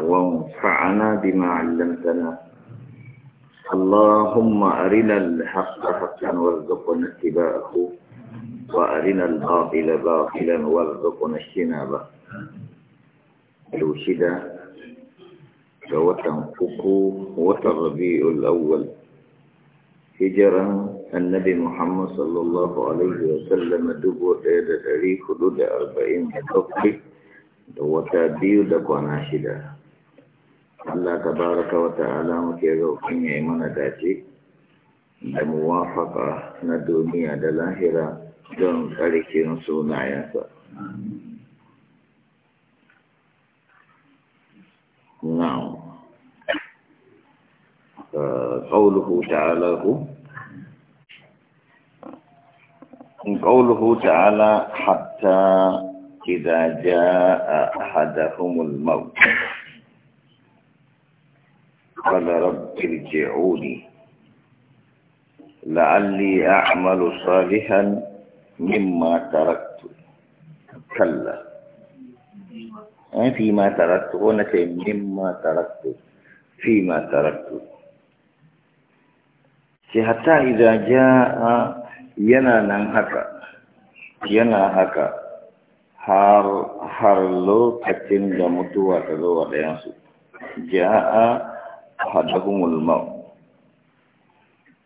وانفعنا بما علمتنا اللهم أرنا الحق حقا وارزقنا اتباعه وأرنا الباطل باطلا وارزقنا اجتنابه الوشدة وتنفق وتربيع الأول هجرا النبي محمد صلى الله عليه وسلم دب وتيد تاريخ دود أربعين حقق وتابيو دقوا ناشدا Allah tabaraka wa ta'ala muke roƙon ya yi mana dace da muwafaka na duniya da lahira don tsarkin sunayensa. Now, قوله تعالى هو قوله تعالى حتى إذا جاء أحدهم الموت ارجعوني لعلي أعمل صالحا مما تركت كلا أه، فيما تركت هنا مما تركت فيما تركت حتى إذا جاء ينا هكا ينا هكا har har lokacin da mutuwa ta zo wa ɗayansu ja'a أحدهم الموت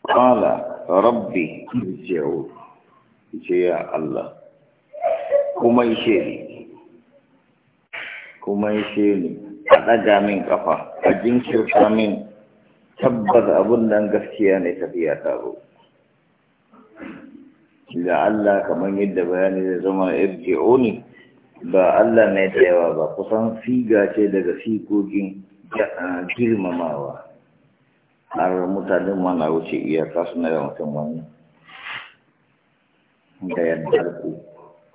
قال ربي ارجعوا يا الله kuma ishe ni kuma ishe ni a ɗaga min ƙafa a jinkirta min tabbas abin nan gaskiya ne tafiya taro da Allah kamar yadda bayani zai zama irji'uni ba Allah ne da yawa ba kusan siga ce daga sigogin Ah, girmamawa har mutanen mana wuce iya iyaka na yawan mutum wani da yadda ku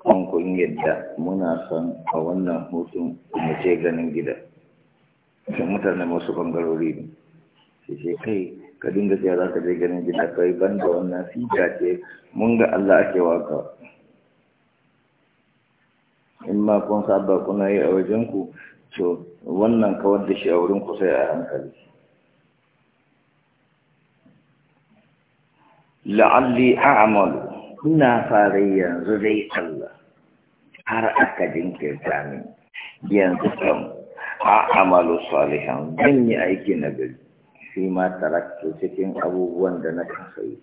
an kun yadda muna son a wannan hutun mu ce ganin gida shi mutane masu bangarori ne sai sai kai ka dinga sai za ka je ganin gida kai ban da wannan fita ce mun ga Allah ake waka in ma kun saba kuna yi a wajen ku to wannan kawar da shi a wurin ku sai a hankali la'alli a'malu ina fara yanzu dai Allah har aka jinkirta min yanzu kan a'malu salihan zan yi aiki na gari shi ma tarakto cikin abubuwan da na kasayi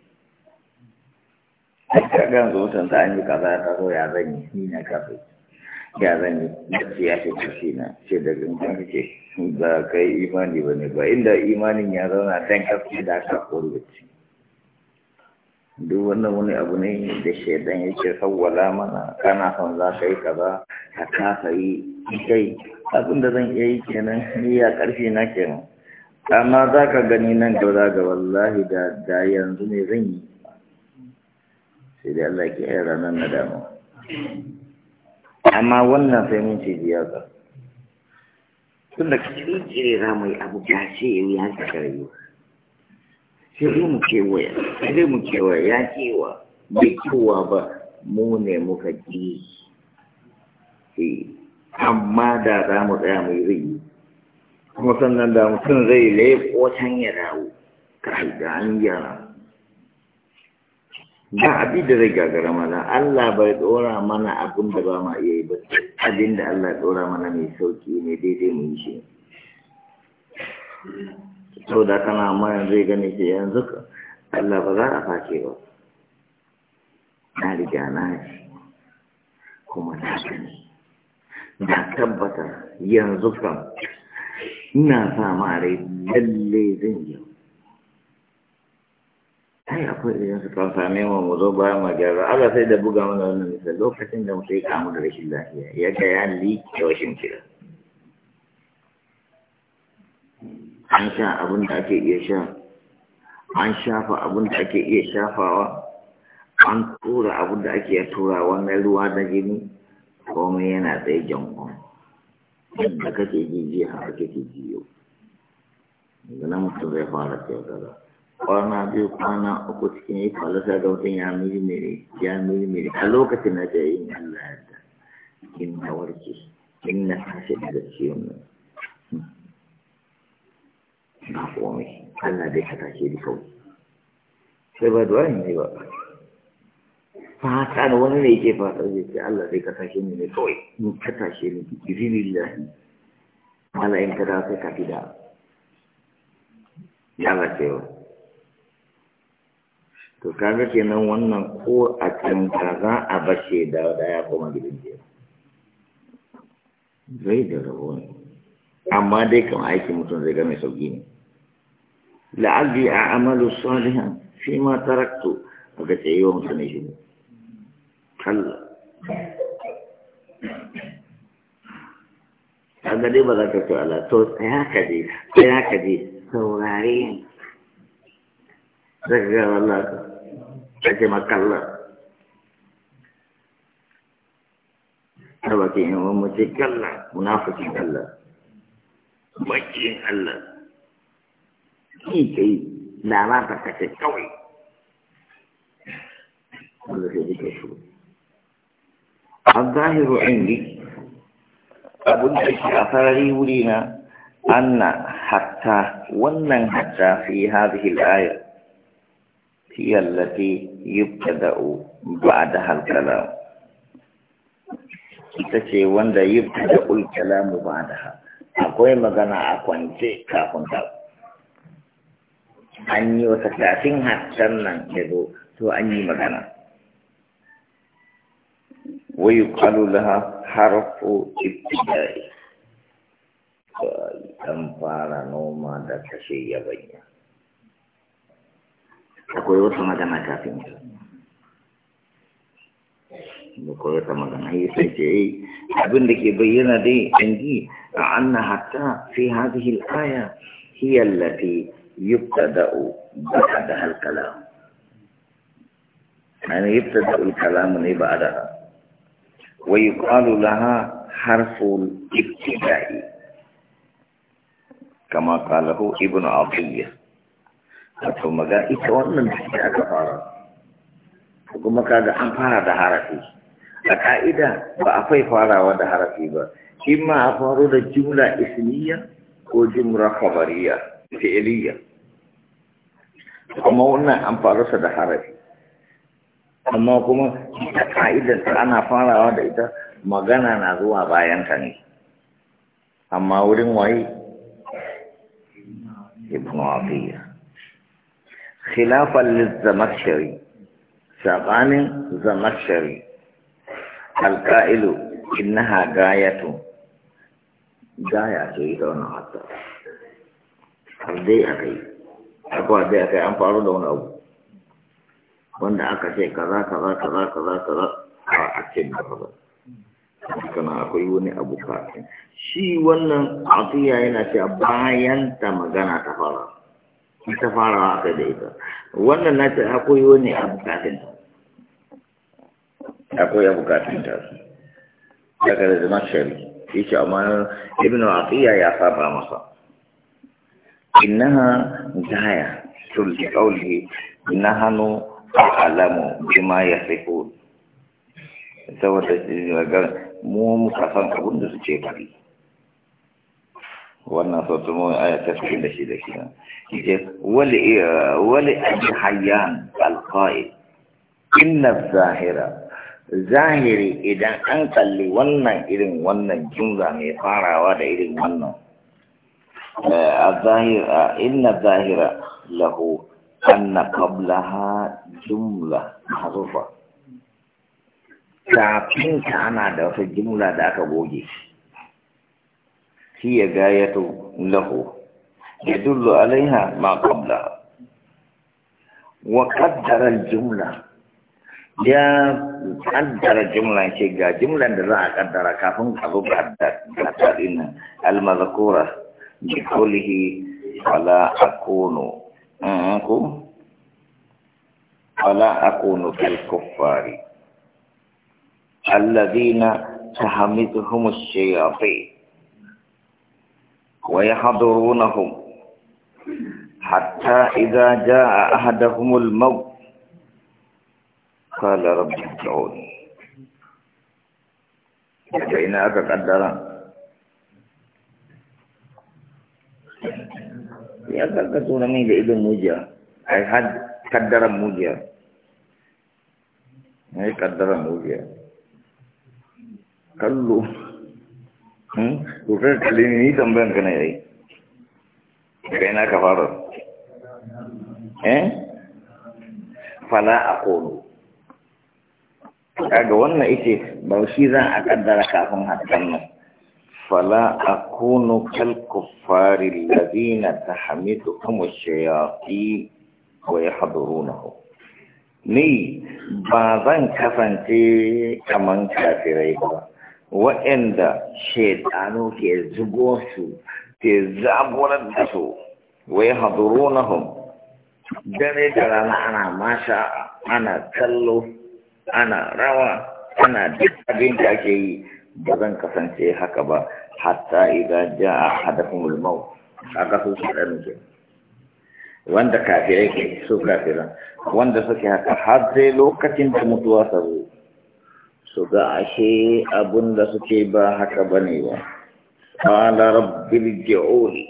Aka gan zo mutunta an yi kaza ta taso ya zan ni na kasayi ya zan yi da ya fi kashi na ce da gangan ce ba kai imani ba ne ba inda imanin ya zauna dan haske da aka kowace duk wannan wani abu ne da shaidan yake sawwala mana kana son za ka yi kaza ka kasa yi kai abin da zan iya yi kenan ni ya karfi na kenan amma za ka gani nan gaba ga wallahi da da yanzu ne zan yi sai dai Allah ya kiyaye ranar nadama amma wannan sai mun ce biyar ba tun da kiri kiri za abu ya ce ya ce haka sai mu kewaya sai mu kewaya ya kewa bai kewa ba mu ne muka ji amma da za mu tsaya mai kuma sannan da mutum zai laifo can ya dawo ka haida an gyara ba abin da zai gagara mana Allah bai dora mana abin da ba ma iya yi ba abin da Allah dora mana mai sauki ne daidai mu yi shi sau da kana ma zai gani ce yanzu ka Allah ba za a face ba na riga na shi kuma na gani na tabbata yanzu kan ina sa ma rai lalle zan yi. ai akwai irin su kan same mu mu zo bayan mu gyara Allah sai da buga mana wannan nisa lokacin da mutum ya kamu da rashin lafiya ya ga ya liƙe rashin kira an sha abin da ake iya sha an shafa abin da ake iya shafawa an tura abin da ake tura wannan ruwa da jini komai yana tsaye jankon yadda kake jijiya haka kake jiyo daga nan mutum zai fara kyautar kwana biyu kwana uku cikin yi kwalata ga mutum ya mirmiri ya mirmiri a lokacin na da yin Allah yadda in na warke in na tashi daga ciwon nan ba komai Allah dai ka tashi da kawai sai ba duwa ne ba fata da wani ne yake fatar da ce Allah dai ka tashi ne ne kawai in ka tashi ne izinillahi malayin ka da sai ka fi da ya lafiya to kaga kenan wannan ko a can da za a bashe da daya kuma gidan jiya zai da rabo ne amma dai kama aikin mutum zai ga mai sauki ne la'alli a amalu salihan shi ma taraktu a ga tsayewa mutum ne shi kalla kaga dai ba za ka ce ala to tsaya ka je tsaya ka je saurare zaka ga wallahi ake makalla haba ke yin wani mace kalla munafikin Allah bakin Allah ki kai lalata kace kawai wanda sai duka su الظاهر عندي أبو الحشي أثري ولينا أن حتى ونن حتى في هذه الآية هي التي يبتدأ بعدها الكلام تشي وندا يبتدأ الكلام بعدها akwai magana a kwance kafin ta an yi wata kafin harshen nan ya to an yi magana wai kwalu laha harfu ibtidai an fara noma da kashe yabanya akwai wata magana kafin ta da koyi wata magana yi sai ce yi abin da ke bayyana dai an anna hatta fi hadhihi al-aya hi allati yubtada'u ba'da al-kalam yani yubtada'u al-kalam ne ba'daha wa yuqalu laha harful ibtida'i kama qalahu ibnu abdiyah wato maga ita wannan da aka fara kuma kaga an fara da harafi a ka'ida ba a fai farawa da harafi ba shi ma a faro da jumla isniya ko jumla khabariya fi'iliya Kuma wannan an faro sa da harafi amma kuma a ka'idar ana farawa da ita magana na zuwa bayan ta ne amma wurin waye ibn Abiyah خلافا للزمخشري سبان زمخشري القائل انها غايه غايه يرون حتى فدي اكي اكو ادي اكي ان فارو دون او وند اكا سي كذا كذا كذا كذا كذا اكيد برضه kana akwai wani abu ka shi wannan atiya yana ce bayan ta magana ta fara ta fara haka da ita wannan na ta akwai wani a bukatun akwai a bukatun ta daga da zama shari yake amma ibn aqiya ya saba masa innaha gaya tul qawli nahnu a'lamu bima yasifun saboda eh, mu muka san abin da suke fari وانا تطمو ايه تفكي لشي لكي ولي ولي اجي حيان القائل ان الظاهرة ظاهري اذا انت اللي وانا ايرن وانا جمزة ميقارا وانا ايرن آه، وانا الظاهرة آه، ان الظاهرة له ان قبلها جملة محظوفة تعطينك انا ده في الجملة ده كبوجيش هي غاية له يدل عليها ما قبلها وقدر الجملة ya kaddara jumlan ce ga jumlan da za a kaddara kafin ka zo ga haddadin nan almazakura bi kulihi wala akunu mm, ku ويحضرونهم حتى إذا جاء أحدهم الموت قال رب ارجعون أكاك أتقدر يا أكاك من إذن موجة أي حد قدر موجة أي قدر موجة كله Rufe hmm? kalli ni tambayan ka na yayi. Daga ina ka fara. Eh? Fala a kono. Kaga wannan ita ba shi za a kaddara kafin hakan nan. Fala a kono kalkufari lazina ta hamidu kuma shayafi wa ya haduru Ni ba zan kasance kaman kafirai ba. waɗanda shaidanu ke zugo su ke zaburar da su wai haduru na hun dare da rana ana masha ana kallo ana rawa ana duk abin da ake yi ba zan kasance haka ba hatta idan ja a hadafin ulmau aka su su ɗan wanda kafirai ke su kafiran wanda suke haka har sai lokacin da mutuwa sabo su ga ashe abun da suke ba haka bane ba qala rabbil ji'uli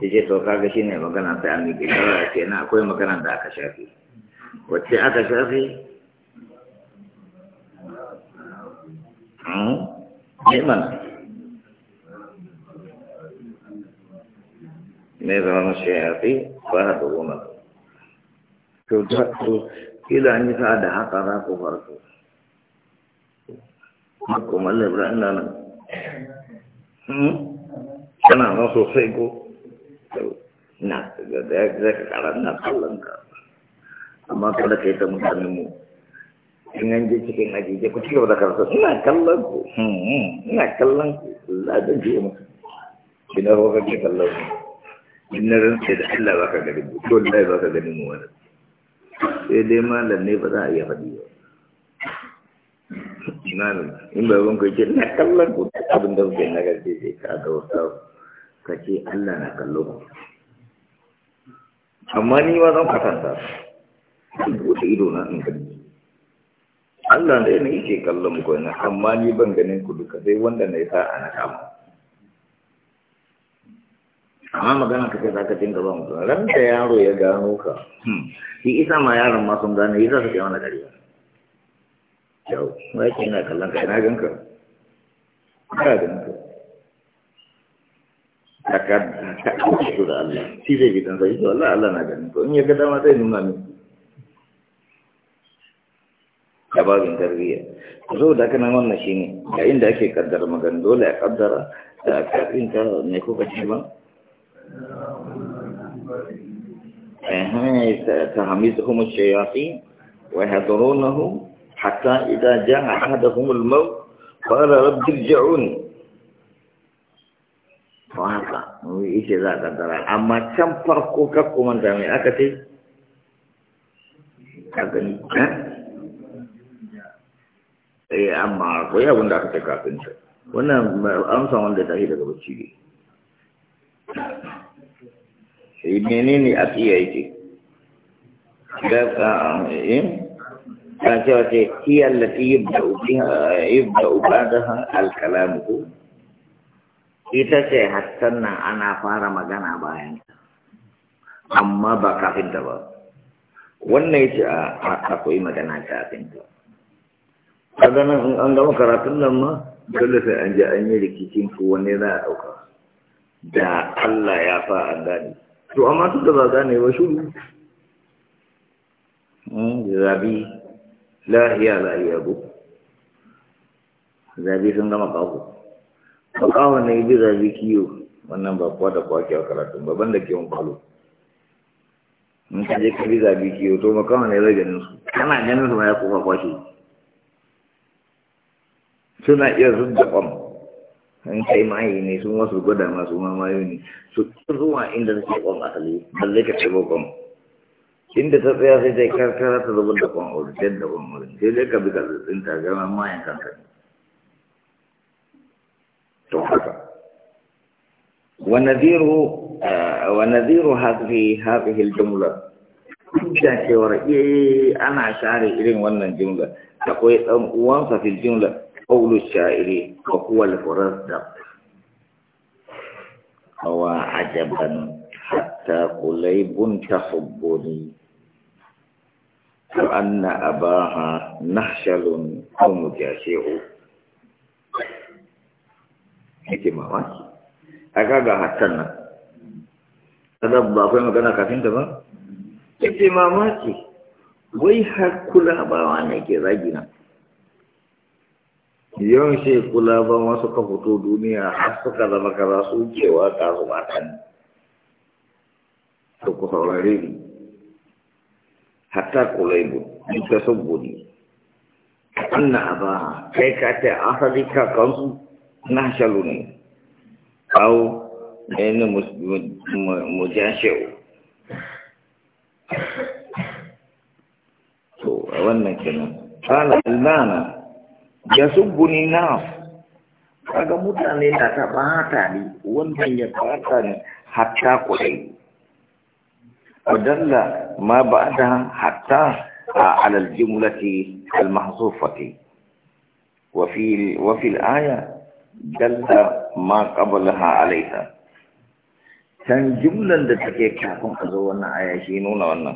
yace to kaga shine magana sai an yi kira ce na akwai magana da aka shafi wacce aka shafi ne hmm? mana ne zama shafi ba haɗa goma to kila an yi sa da haka za ku farko makomar labirin nan hmm? Kana sosai ko na da ya kara ka amma ka yi ta mutane mu in an je cikin ku ci gaba da ina kallon ku hmm, hmm. ina kallon ku za ta mu ina ko kake kallon ku Ina da Allah ka gani dole ba ka gani mu wani sai dai malam ne ba za a iya faɗi ba imanin in bai ban kai ce na kallon ku abin da kuke na gaske sai ka ga wata ka ce Allah na kallon ku amma ni ba zan kwatanta wata ido na in gani Allah da yana yake kallon ku na amma ni ban ganin ku duka sai wanda na sa ana kama amma magana ka ce za ka dinga ba mu ran da yaro ya gano ka hmm, shi isa ma yaron ma sun gane yasa suke mana ƙarya kyau ma yake ina kallon ka ina ganka ina ganka ka ka kauce su da Allah shi zai gidan sai to Allah Allah na ganin to in ya ga dama zai nuna ni da babin tarbiyya zo da kana wannan shine ga inda ake kaddara magana dole a kaddara da kafin ta ne ko kace ba eh ta hamizuhum ash-shayatin wa yahdurunahu حتى إذا جاء أحدهم الموت قال رب ارجعون فهذا إيش ذاك ترى أما كم فرق كم من دامي أكتي أكني ها eh amma akwai abin da aka ce kafin sa wannan wanda ta yi daga bacci ne sai a yake ga ta ce wace hiyar lati yubda ubadahan alkalamu ita ce hassan nan ana fara magana bayan amma ba kafin ba wannan ce a akwai magana kafin ta kaga nan an gama karatun nan ma dole sai an je an yi rikicin ko wanne a ɗauka da Allah ya fa an gane to amma tun da ba gane ba shuru zabi lahiya lahiya bu zabi sun gama kawo kawo ne bi zabi kiyo wannan ba kuwa da kwake a karatu. ba banda kiyon kwalo in ka je ka bi zabi kiyo to kawo ne zai ganin su kana ganin su ma ya kofa kwashe suna iya da kwam an kai mayi ne sun wasu gwada masu mamayo ne su zuwa inda suke kwam asali ba zai ka ce ba kwam inda ta tsaya sai dai karkara ta zubar da kwan wurin sai da kwan wurin sai dai ka bi ka tsitsin ta gama mayan kanka to haka wa nadiru wa nadiru hadhihi hadhihi al-jumla da cewar eh ana share irin wannan jumla akwai dan uwansa fil jumla qawlu sha'iri wa huwa al-furazdaq awa ajaban hatta qulaybun tahubbuni كأن أباها نحشل أو مجاشع yake mamaki a kaga hatan nan kada ba akwai magana kafin ta ba yake mamaki wai har kula bawa ne ke zagi nan yawan shi kula ba ka fito duniya har suka zama kaza su kewa ka su matan su ku saurare ni hatta kulaibu ta sabbuni anna abaha kai ka ta asali ka kansu na shalu ne au ne mujashewu to a wannan kenan kana albana ya subbuni na kaga mutane na ta bata ne wannan ya bata ne hatta kulaibu ودل ما بعدها حتى آه، على الجملة المحظوفة وفي وفي الآية دل ما قبلها عليها كان جملة تكيك كافون أزوانا عايشينونا وانا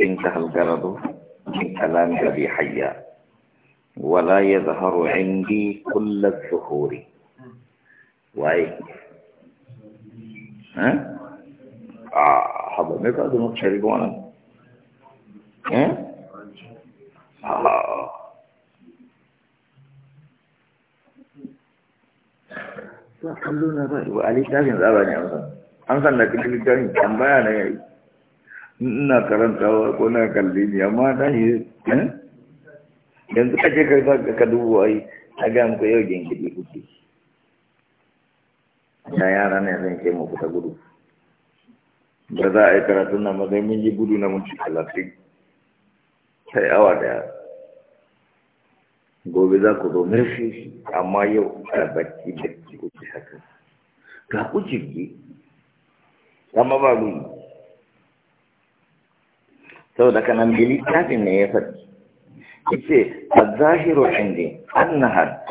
انتهى الغرض من كلام ربي حيا ولا يظهر عندي كل الظهور واي ها آه. haba me ka zama shari kuma nan eh ta kallo na ba ba ali tafin tsaba ne amsa amsan da kake littafin tambaya na yayi ina karantawa ko na kalli ne amma dan yi eh? yanzu kaje kai ka dubu ai a ga muku yau gengidi kuke na yara ne zan ce muku ta gudu ba za a yi karatun nan ba zai mun yi gudu na mun talatin sai awa daya gobe za ku zo murfi amma yau a bacci bacci kuke haka ga ku jirgi amma ba gudu saboda kanan bili kafin ne ya faɗi إيه الظاهر عندي أنها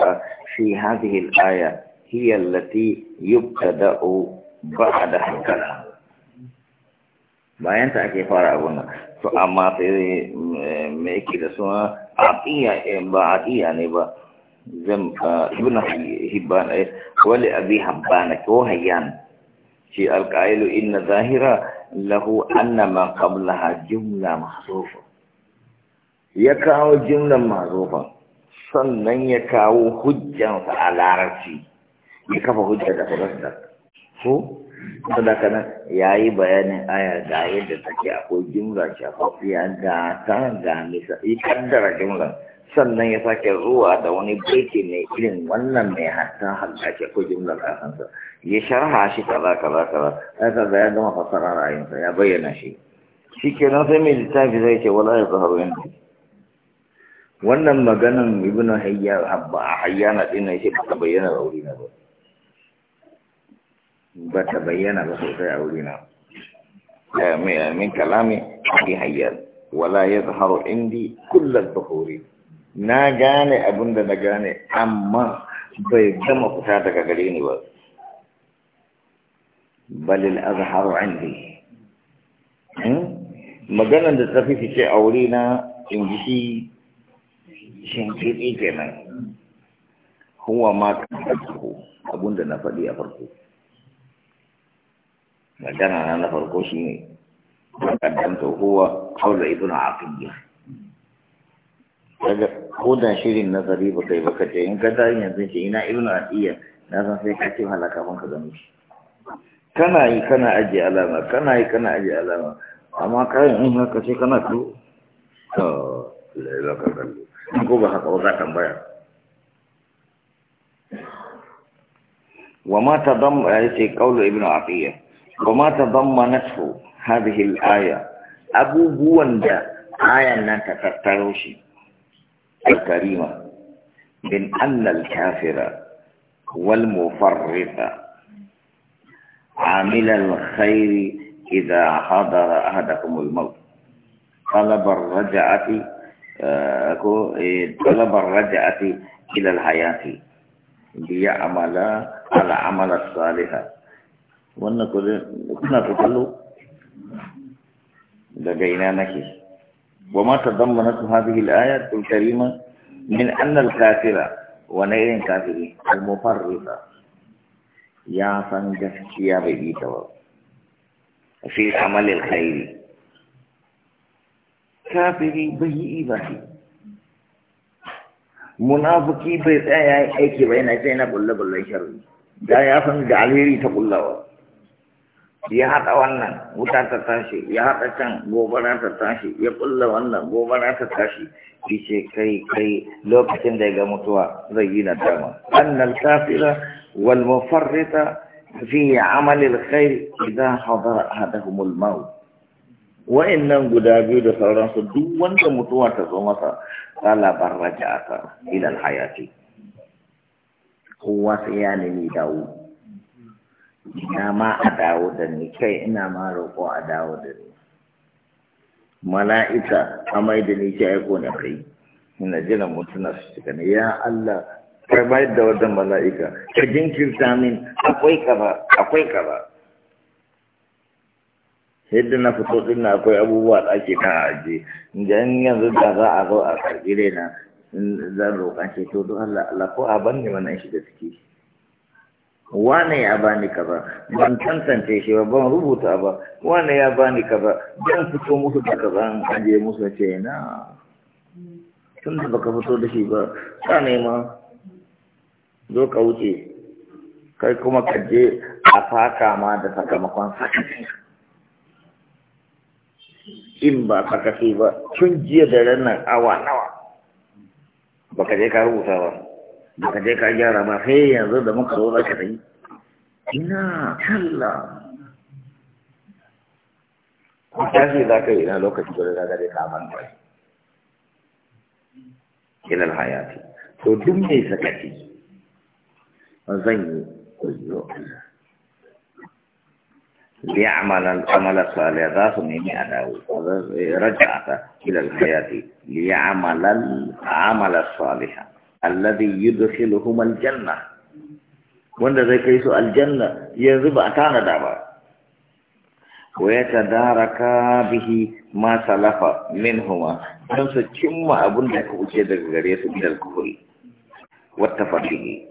في هذه الآية هي التي يبتدأ da الكلام bayan ta ake fara abun nan to amma sai eh, me yake da suna in eh, ba aqiya ne ba zan eh, ibn hibban wali abi habban ko hayyan shi alqailu inna zahira lahu anna ma qablaha jumla mahzufa ya kawo jumlan mahzufa sannan ya kawo sa a larabci ya kafa hujja da hurasta ko saboda kana ya yi bayanin aya da yadda take akwai jimla shafafiya da ta ga misa da jimla sannan ya sake zuwa da wani breaking ne irin wannan mai hatta halka ke ko jimlar kasansa ya sharha shi kaza kaza kaza aka ga ya gama fasara ra'ayinsa ya bayyana shi shi kenan sai mai littafi zai ce wala ya zaharu yanzu wannan maganan ibnu hayya habba hayyana din ne shi ba bayyana rauri na ba بتبين بخطي أولينا من كلامي أبي هيال ولا يظهر عندي كل البخور ناجاني أبند ناجاني أما بيدم فتاتك قليني بل بل الأظهر عندي ما قال أن تتفي في شيء أولينا إنجسي شنكيتي كمان هو ما تتفقه أبند نفدي أفرقه magana na na farko shi ne makaddamta huwa kawai ibn aqiyya daga kodan shirin nazari ba kai ba kace in ka tayi yanzu ce ina ibn aqiyya na san sai ka ce halaka ban ka gano shi kana yi kana aje alama kana yi kana aje alama amma kayan in haka sai kana to to laila ka kallo ko ba haka za ka tambaya wa ma tadam ya ce qawlu ibn aqiyya وما تضمنته هذه الآية أبو بواندا آية أنك تتروشي الكريمة من أن الكافر والمفرط عامل الخير إذا حضر أحدكم الموت طلب الرجعة آه، إيه، طلب الرجعة إلى الحياة ليعمل على عمل الصالح wannan kuna ta kallo daga ina nake wa ma tadammanat hadhihi al-ayat al-karima min anna al-kafira wa nayrin kafiri al-mufarrita ya san gaskiya bai yi ta ba fi amal al-khair kafiri bai yi ba munafiki bai tsaya aiki ba yana sai na bulle bulle sharri da ya san da alheri ta kullawa ya haɗa wannan wuta ta tashi ya haɗa can gobara ta tashi ya kulla wannan gobara ta tashi ki ce kai kai lokacin da ya ga mutuwa zai yi na dama annal kafira wal mufarrita fi amali alkhair idha hadara ahaduhum al maut wa'annan guda biyu da su duk wanda mutuwa ta zo masa kala barraja aka ila al hayati kowa sai ya nemi dawo ina ma a dawo da ni kai ina ma roƙo a dawo da ni mala'ika amai da ni ke aiko na kai ina jira mutuna su cika ne ya Allah kai bayar da wannan mala'ika ka jinkirta min akwai ba akwai ba yadda na fito din na akwai abubuwa da ake kan aje idan yanzu da za a zo a karbi raina zan roƙa ce to don Allah Allah ko a banne wannan shi da ciki wane ya bani kaza ban tantance shi ba ban rubuta ba wane ya bani kaza dan fito musu da kaza an aje musu ce na tun da baka fito da shi ba ka nema zo ka wuce kai kuma ka je a faka ma da sakamakon sakaci in ba sakaci ba tun jiya da ranar awa nawa baka je ka rubuta ba baka je ka gyara ba sai yanzu da muka zo zaka yi ina kalla ko tashi za ka yi na lokaci da za ka je ka ban kai ilal hayati to duk mai sakaci zan yi koyo ليعمل العمل الصالح ذات نيمي أداو رجعت إلى الحياة ليعمل العمل الصالح alladhi yudkhiluhum aljanna wanda zai kai su aljanna yanzu ba tana da ba wa yatadaraka bihi ma salafa minhuma don su cimma abun da ka wuce daga gare su bidal kufri wa tafadihi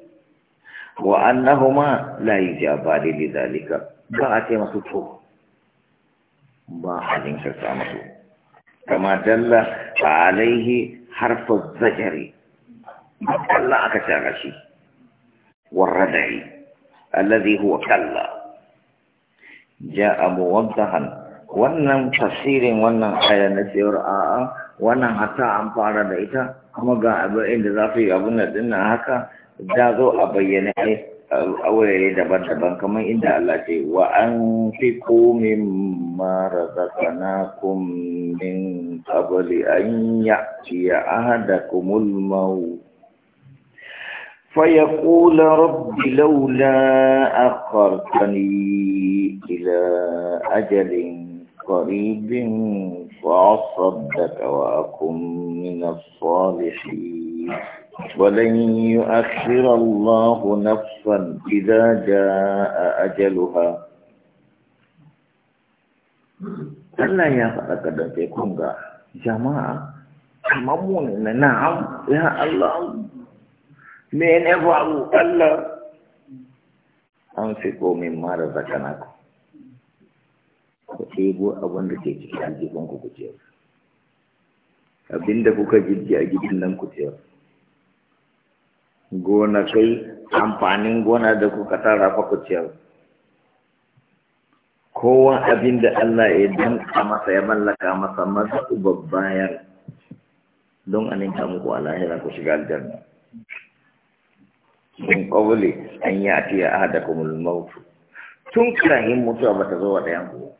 wa annahuma la yujabali lidhalika ba a ce masu to ba halin sa masu kama dalla alaihi harfa zajari كلا أكتاغشي والردع الذي هو كلا جاء موضحا wannan tafsirin wannan aya na cewar a'a wannan hata an fara da ita kuma ga abin inda za su yi abin da dinna haka da zo a bayyana a wurare daban-daban kamar inda Allah ce wa an fi komin mara zakana min kabali an ya ciye da kumul mawu فيقول رب لولا أخرتني إلى أجل قريب فأصدق وأكن من الصالحين ولن يؤخر الله نفسا إذا جاء أجلها Allah يا faɗa kada جماعة kun نعم يا الله me ne faru Allah an fi komin mara zakana ku ku ɗebo abin da ke cikin aljibin ku kuciyar abinda kuka jirgi a gidan nan Gona kai amfanin gona da kuka tara fa kuciyar kowa abinda Allah ya e danka e masa ya mallaka masa maza babbayar don a ninka muku a e lahira ku shiga aljanna min qawli an ya'ti a al-maut tun kirahin mutuwa bata zo wa ɗayan ku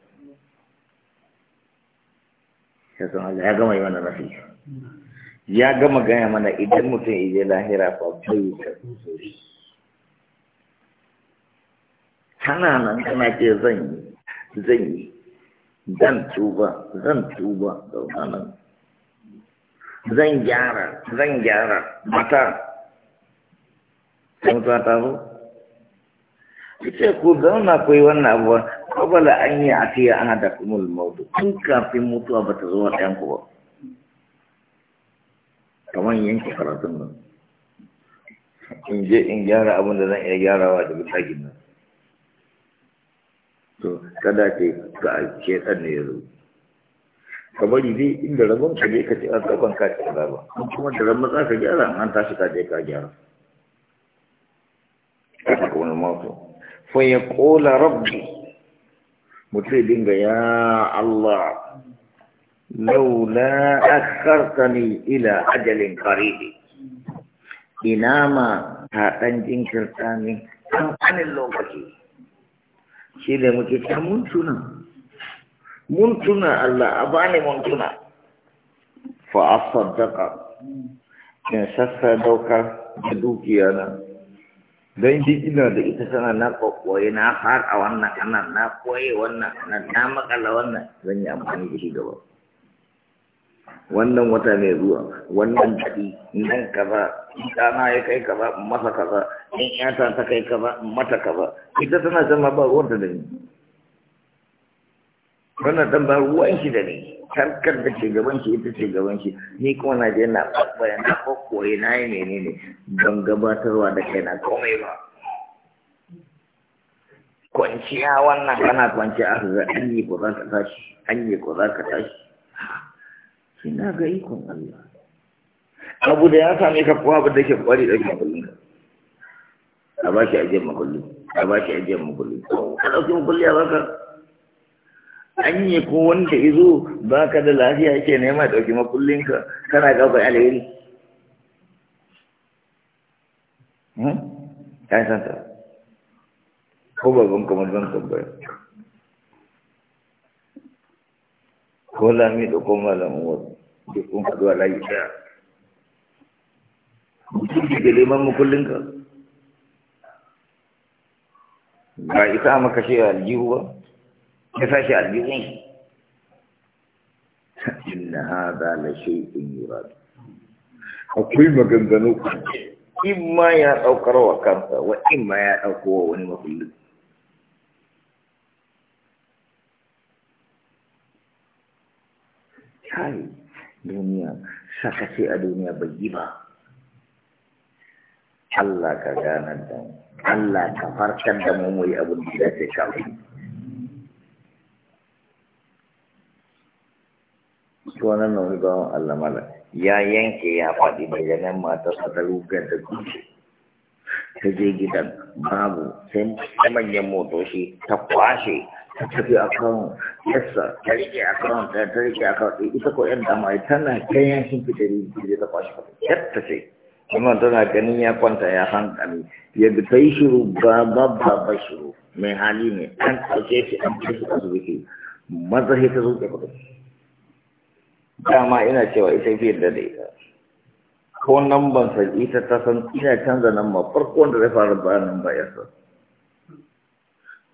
sai sun Allah ya gama yi mana nafi ya gama gaya mana idan mutum ije lahira fa bai ka zuri kana nan kana ce zan yi zan yi zan tuba zan tuba da nan zan gyara zan gyara mata mutuwa ta zo ita ku zauna ku yi wannan abuwa kabala an yi a fiye ana da kumul maudu, tun kafin mutuwa ba ta zo a ɗayan ku ba kamar yanke karatun nan in je in gyara abin da zan iya gyarawa daga nan to kada ke ga a ce ɗan ne ya zo ka bari dai inda rabon ka je ka ce a tsaban kuma za ka gyara an tashi ka je ka fa ya ƙola rabbi mutu dinga ya Allah laula akhartani ila ajalin qaribi ina ma ta ɗan jinkirta ne an lokaci shi da muke ta mun tuna mun tuna Allah a bani mun tuna fa asaddaka in sassa daukar da dukiya na don shi ina da ita sana na kokoye na har a wannan kanan na koye wannan na na makala wannan zan yi amfani da shi gaba wannan wata mai zuwa wannan daɗi nan kaza ɗana ya kai kaza masa kaza in yata ta kai kaza mata kaza ita tana zama ba ruwanta da ni wannan dan ba ruwan shi da ni tarkar da ke gaban shi ita ce gaban shi ni kuma na je na ɓaɓɓaya na ɓaɓɓoye na yi menene ban gabatarwa da kai na komai ba kwanciya wannan kana kwanciya a ga an yi ko za ka tashi an yi ko za ka tashi shi na ga ikon Allah abu da ya same ka kuwa abu da ke kwari da ke kullum a ba shi ajiyar makulli a ba shi ajiyar makulli a ɗauki makulli a baka an yi ko wanda izo ba ka da lafiya yake nema makullin makullinka kana gaba alheri hmm? ya yi santa ko babban kamar zan tambaya ko lami da ko malamin wasu da kun faɗuwa layi ɗaya mutum ke da neman makullinka ba isa maka shi aljihu ba فشل يقوم إن هذا لشيء يراد أقيم كن ذنوب إما يا أو كروا كم وإما يا أو قوة ونما كل هاي دنيا سكسي الدنيا بجيبا الله كجانا الله كفر كن دمومي أبو نبيل سكابي shi wannan nauyi bawan Allah mala ya yanke ya faɗi daga nan matarsa ta rugar da dutse ta je gidan babu sai manyan motoci ta kwashe ta tafi a kan yassa ta rike a kan ta ta rike a kan ita ko yan dama tana kan yankin fitari da ta kwashe yadda ce kuma tana ganin ya kwanta ya hankali yadda ta yi shiru ba ba ba ba shiru mai hali ne an ɗauke shi an kai shi asibiti mazahi ta zuke kuɗi dama ina cewa ita fi yadda da ita ko nan ban san ita ta san ina canza nan ma farko da zai fara ba nan ba yasa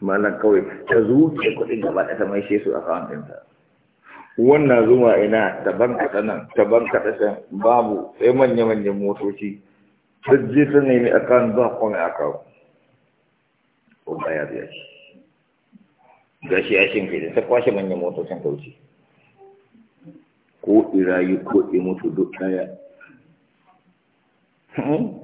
mana kawai ta zuke kuɗin gaba da ta mai shi su a kawon ɗinta wannan zuma ina ta banka ta nan ta banka ta can babu sai manya-manyan motoci ta je ta nemi a kan ba kome a kawo ko baya biya shi gashi ya shi ta kwashe manyan motocin kauci ko irayi ko mutu duk daya hmm?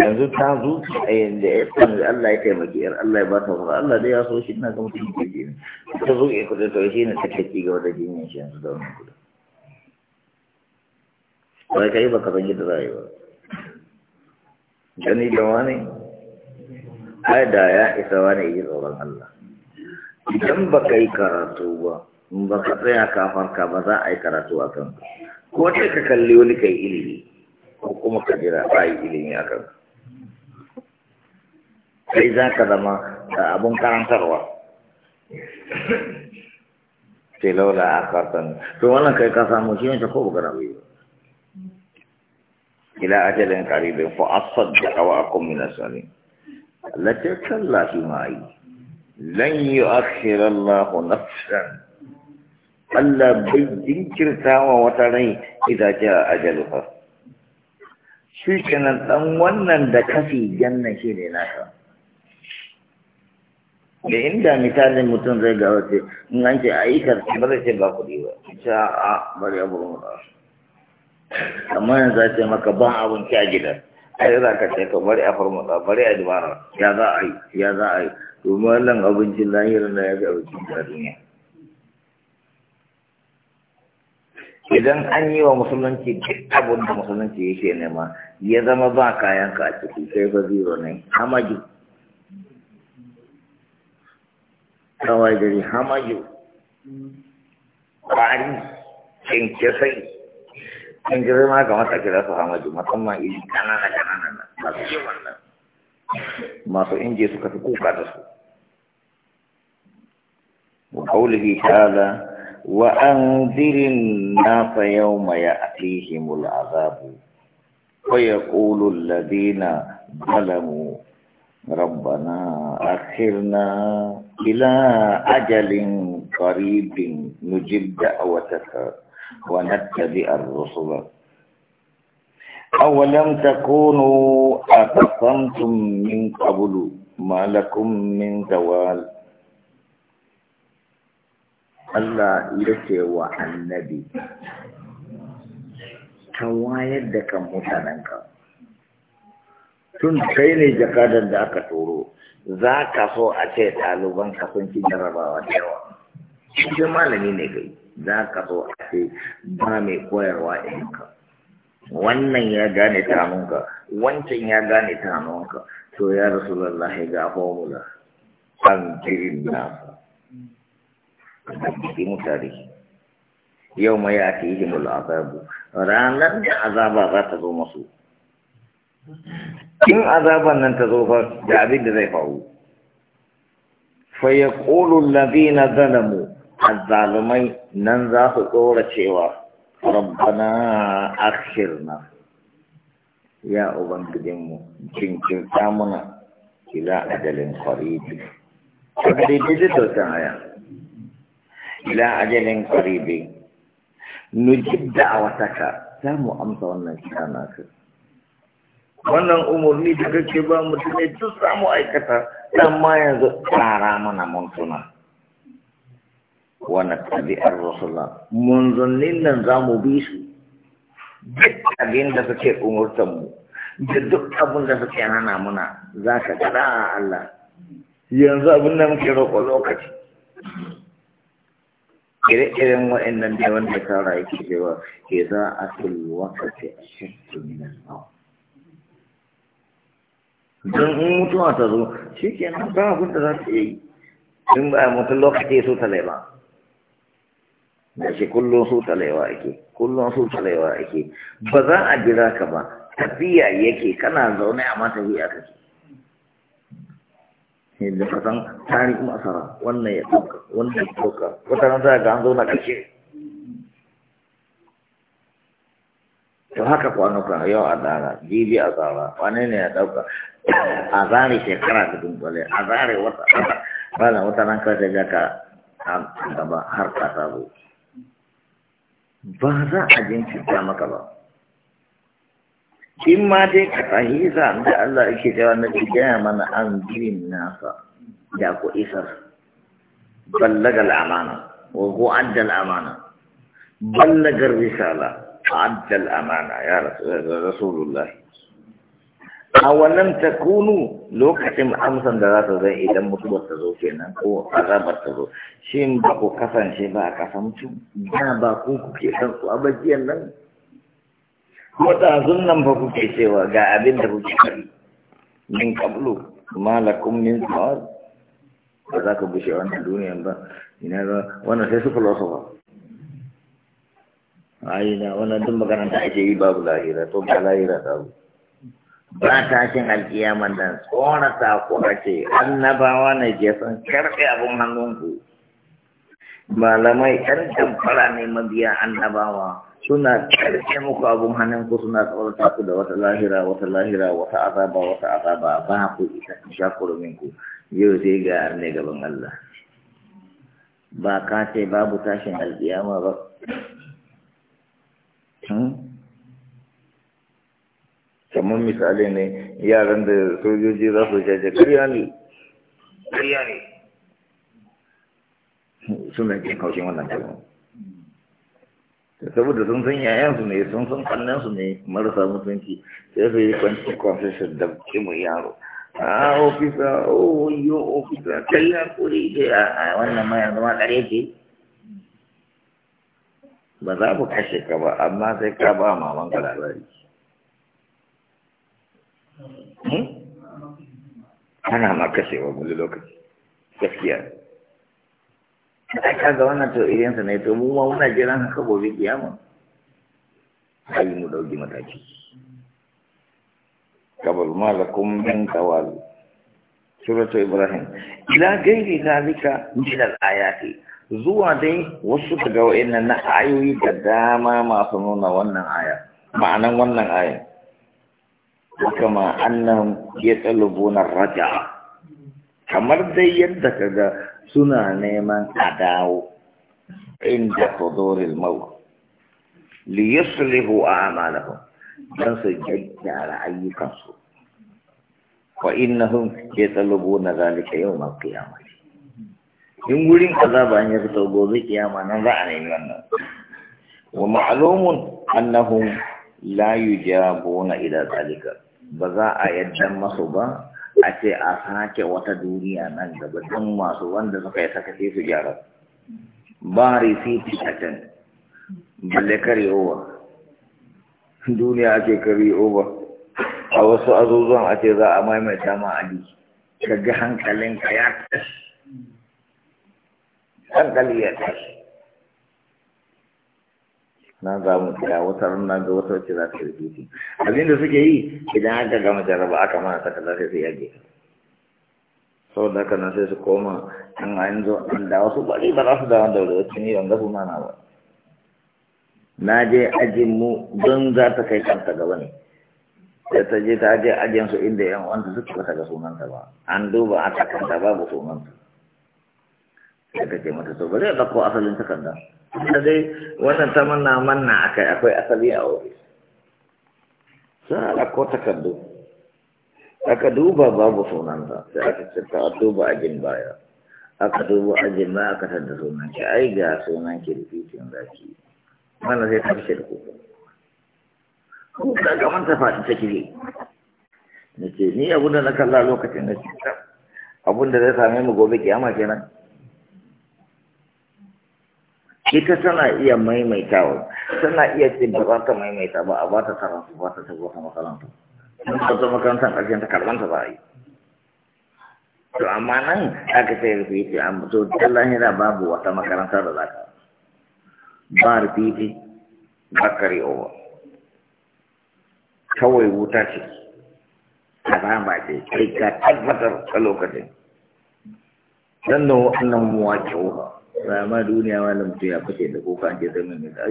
yanzu ta zo a yanda ya san Allah ya taimaki yar Allah ya ba ta fara Allah da ya so shi na ga cikin ke ne ta zo ya kudu to shi ne take ci gaba da jinyar shi yanzu da wannan kuɗa wai kai baka san yadda rayuwa gani da wani ai da ya isa wani yi tsoron Allah idan baka yi karatu ba in ba ka tsaya kafarka ba za a yi karatu a kan ko dai ka kalli wani kai ilimi ko kuma ka jira ba yi ilimi a kan sai za ka zama abin karantarwa sai laula a kartan to wannan kai ka samu shi ne ta ko bugara bai ila ajalin qaribin fa asaddaqa wa aqum min as-salim la takalla fi ma'i lan yu'akhkhira Allahu nafsan Allah bai jinkirta wa wata rai idan ce a ajalufa shi kenan dan wannan da kafi janna shi ne naka da inda misalin mutum zai ga wace in an ce a yi karfi ba zai ce ba kuɗi ba sha a bari abu ba amma yanzu za ce maka ban abinci a gidan a za ka ce ka bari a farmata bari a dubara ya za a yi ya za a yi domin wannan abincin lahirin da ya ga abincin duniya idan an yi wa musulunci duk abin da musulunci yake nema ya zama ba kayan ka a ciki sai fa zero ne hamaju kawai gari hamaju kwari kinkisai kinkisai ma kamar ta kira su hamaju musamman iri kanana kanana na masu yi wannan masu inji suka fi kuka da su wa kaulihi ta'ala وأنذر الناس يوم يأتيهم العذاب ويقول الذين ظلموا ربنا أخرنا إلى أجل قريب نجب دعوتك ونتبع الرسل أولم تكونوا أقسمتم من قبل ما لكم من زوال Allah ya ce wa annabi ka wayar da kan mutanenka tun kai ne jakadar da aka turo za ka so a ce ɗaliban ka sun ki jarabawa da yawa shi malami ne kai za ka so a ce ba mai koyarwa ka. wannan ya gane ta hannunka wancan ya gane ta hannunka to ya rasu lallahi ga formula an jirin nasa jiki mutane yau mai ya ce yi azabu ranar da azaba za ta zo masu in azaban nan ta zo fa da abin da zai faru fa ya ƙolun na zalamu azzalumai nan za su tsora cewa rabbana akhirna ya ubangijinmu cincin samuna ila adalin kwariji. Kwadidididin haya. ila ajalin qaribi nujib da'awataka za mu amsa wannan kira ka. wannan umarni da kake ba mu ne duk samu aikata dan ma yanzu Tara mana mun tuna wannan tabi'ar rasulullah munzannin nan za mu bi su duk abin da suke umurtan mu da duk abin da suke hana muna za ka kada Allah yanzu abin da muke roƙo lokaci ire-iren waɗannan da wanda kara yake cewa ke eh, za a tulwa ka ce a shirka na nau don in mutuwa ta zo shi ke nan ba abin da za ta yi in ba mutum lokaci su ta laiba da shi kullum su ta laiwa ake kullum su ta laiwa ake ba za a jira ka ba tafiya yake kana zaune a matafiya kake yadda ka san tari masara wannan ya ɗauka wannan ya ɗauka wata nan za ga an zauna ƙarshe to haka kwanuka yau a tsara jibi a tsara wane ne ya ɗauka a zare shekara da dunkule a zare wata rana wata nan ka ta ka gaba har ka sabo ba za a jinkirta maka ba in ma dai ka fahimta da Allah yake cewa na gaya mana an girin nasa da ku isar ballaga al'amana wa ku adda al'amana ballaga risala adda al'amana ya rasulullah a wannan ta kunu lokacin amsan da za ta zai idan mutuwar ta zo kenan ko azabar ta zo shin ba ku kasance ba a kasan mutum ba ku kuke san su abajiyar nan Waɗazun nan ba kuke cewa ga abin da kuke kari min kablu malakum min tsawar ba za ka bushe wannan duniyan ba ina ga wannan sai su filosofa ai na wannan duk makaranta ake yi babu lahira to ba lahira ta ba tashin alkiyaman nan tsorata ku ake annabawa na San karfe abin hannunku malamai ɗan tamfara ne mabiya annabawa suna ƙarfe muku abin hannunku suna tsawarta ku da wata lahira wata lahira wata azaba wata azaba ba ku isa kurmin ku, yau sai ga ne gaban Allah ba ka ce babu tashin alƙiyama ba hmm? kamar misali ne yaran da sojoji za su jaje ƙarya ne ƙarya ne suna jin haushin wannan kalmar saboda sun san yayansu ne sun san kannansu ne marasa mutunci sai su yi kwanci confession da ke mu yaro a ah, ofisa oh yo ofisa kai ya kuri ke a wannan ma yanzu kare ba za mu kashe ka ba amma sai ka ba maman ka labari hmm? ana ma kashewa wani lokaci gaskiya ai kaga wannan to irin sa ne to mu ma muna jiran haka gobe kiyama ai mu dauki mataki kabar ma lakum min tawal suratu ibrahim ila gairi zalika min al-ayati zuwa dai wasu daga wa'annan na ayoyi da dama masu nuna wannan aya ma'anan wannan aya kama annahum yatalubuna raja'a kamar dai yadda kaga suna neman a dawo inda huduril maut li a a'malahum dan su gyara ayyukansu fa innahum yatalubuna zalika yau yawmal qiyamah in wurin azaba ya fito gobe kiyama nan za a nemi wannan wa ma'lumun annahum la yujabuna ila zalika ba za a yadda masu ba a ce a sake wata duniya nan gaba don masu wanda suka yi sakace su gyara ba risiti a can balle karyowa duniya ake karyowa a wasu azuzuwan a ce za a maimaita ma ali ka ga hankalinka ya tashi hankali ya tashi na zamu tsaya wata ranar ga wata wacce za ta shi abin da suke yi idan aka gama jaraba aka mana ta kaza sai su yage sau da haka nan sai su koma an an zo an da wasu bari ba za su dawo da wuri wacce ni ban ga suna na ba na je ajin mu don za ta kai kanta gaba ne da ta je ta je ajin su inda yan wanda suka ta ga sunanta ba an duba a takarda babu sunanta sai ta ce mata to bari a ɗauko asalin takarda da dai wannan ta manna manna akai akwai asali a wuri sai a ko takardu aka duba babu sunanta sai aka cinta a duba ajin baya aka duba ajin baya aka tada sunan ki ai ga sunan ki rikitin zaki wannan Mana ta fice da kuka ko ka ga manta faɗi ta kire nace ni abunda na kalla lokacin da ci abunda zai same mu gobe kiyama kenan ita tana iya maimaita wa tana iya ce ba za ta maimaita ba a ba ta karatu ba ta tabo ta makaranta in ba ta makarantar ƙarshen ta karɓanta za a yi to amma nan aka ce rufiti a to ta lahira babu wata makaranta da za ka ba rufiti ba kare owa kawai wuta ce a ba ce kai ka tabbatar a lokacin dan da wannan muwaƙi ma duniya malam to ya fice da kuka an je zama mai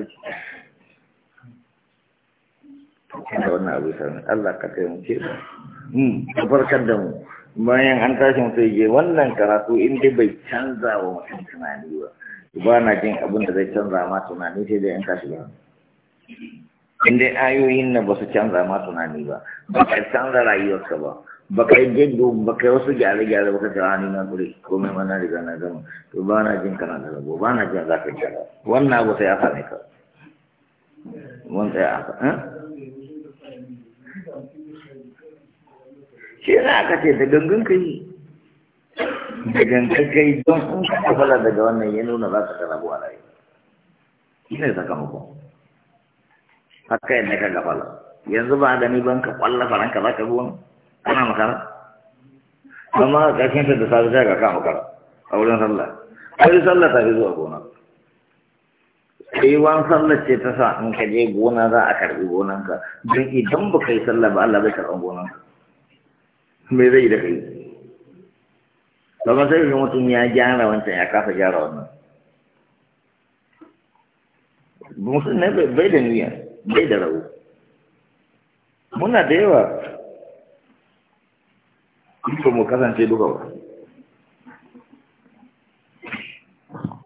daji wannan abu sanin Allah ka kai mu Hmm, ka farkar da mu bayan an tashi mutum je wannan karatu in bai canza wa mutum tunani ba ba na jin abun da zai canza ma tunani sai dai an tashi ba in ayoyin nan ba su canza ma tunani ba ba ka canza rayuwarka ba ba ka yi gindo ba ka yi wasu gyare-gyare ba ka ce hannu ah, na guri komai mana riga na gama to ba na jin kana da rabo ba na jin za ka gyara wannan abu sai ya same ka wani tsaye a ka eh? shi na aka ce da gangan ka yi da gangan ka yi don sun ka kafala daga wannan ya nuna za ka rabu a rayu shi ne sakamakon haka yadda ka gafala yanzu ba gani ban ka kwalla faranka za ka ruwan Ana makara amma ƙarshen ta da safe sai ga ka makara a wurin sallah kai sallah ta fi zuwa gona kaiwan sallah ce ta sa in ka je gona za a karɓi gonanka don idan ba kai sallah ba Allah zai karɓi gonanka me zai da kai kamar sai ga mutum ya gyara wancan ya kafa gyara wannan mutum ne bai da niyya bai da rabu muna da yawa in mu kasance duka ba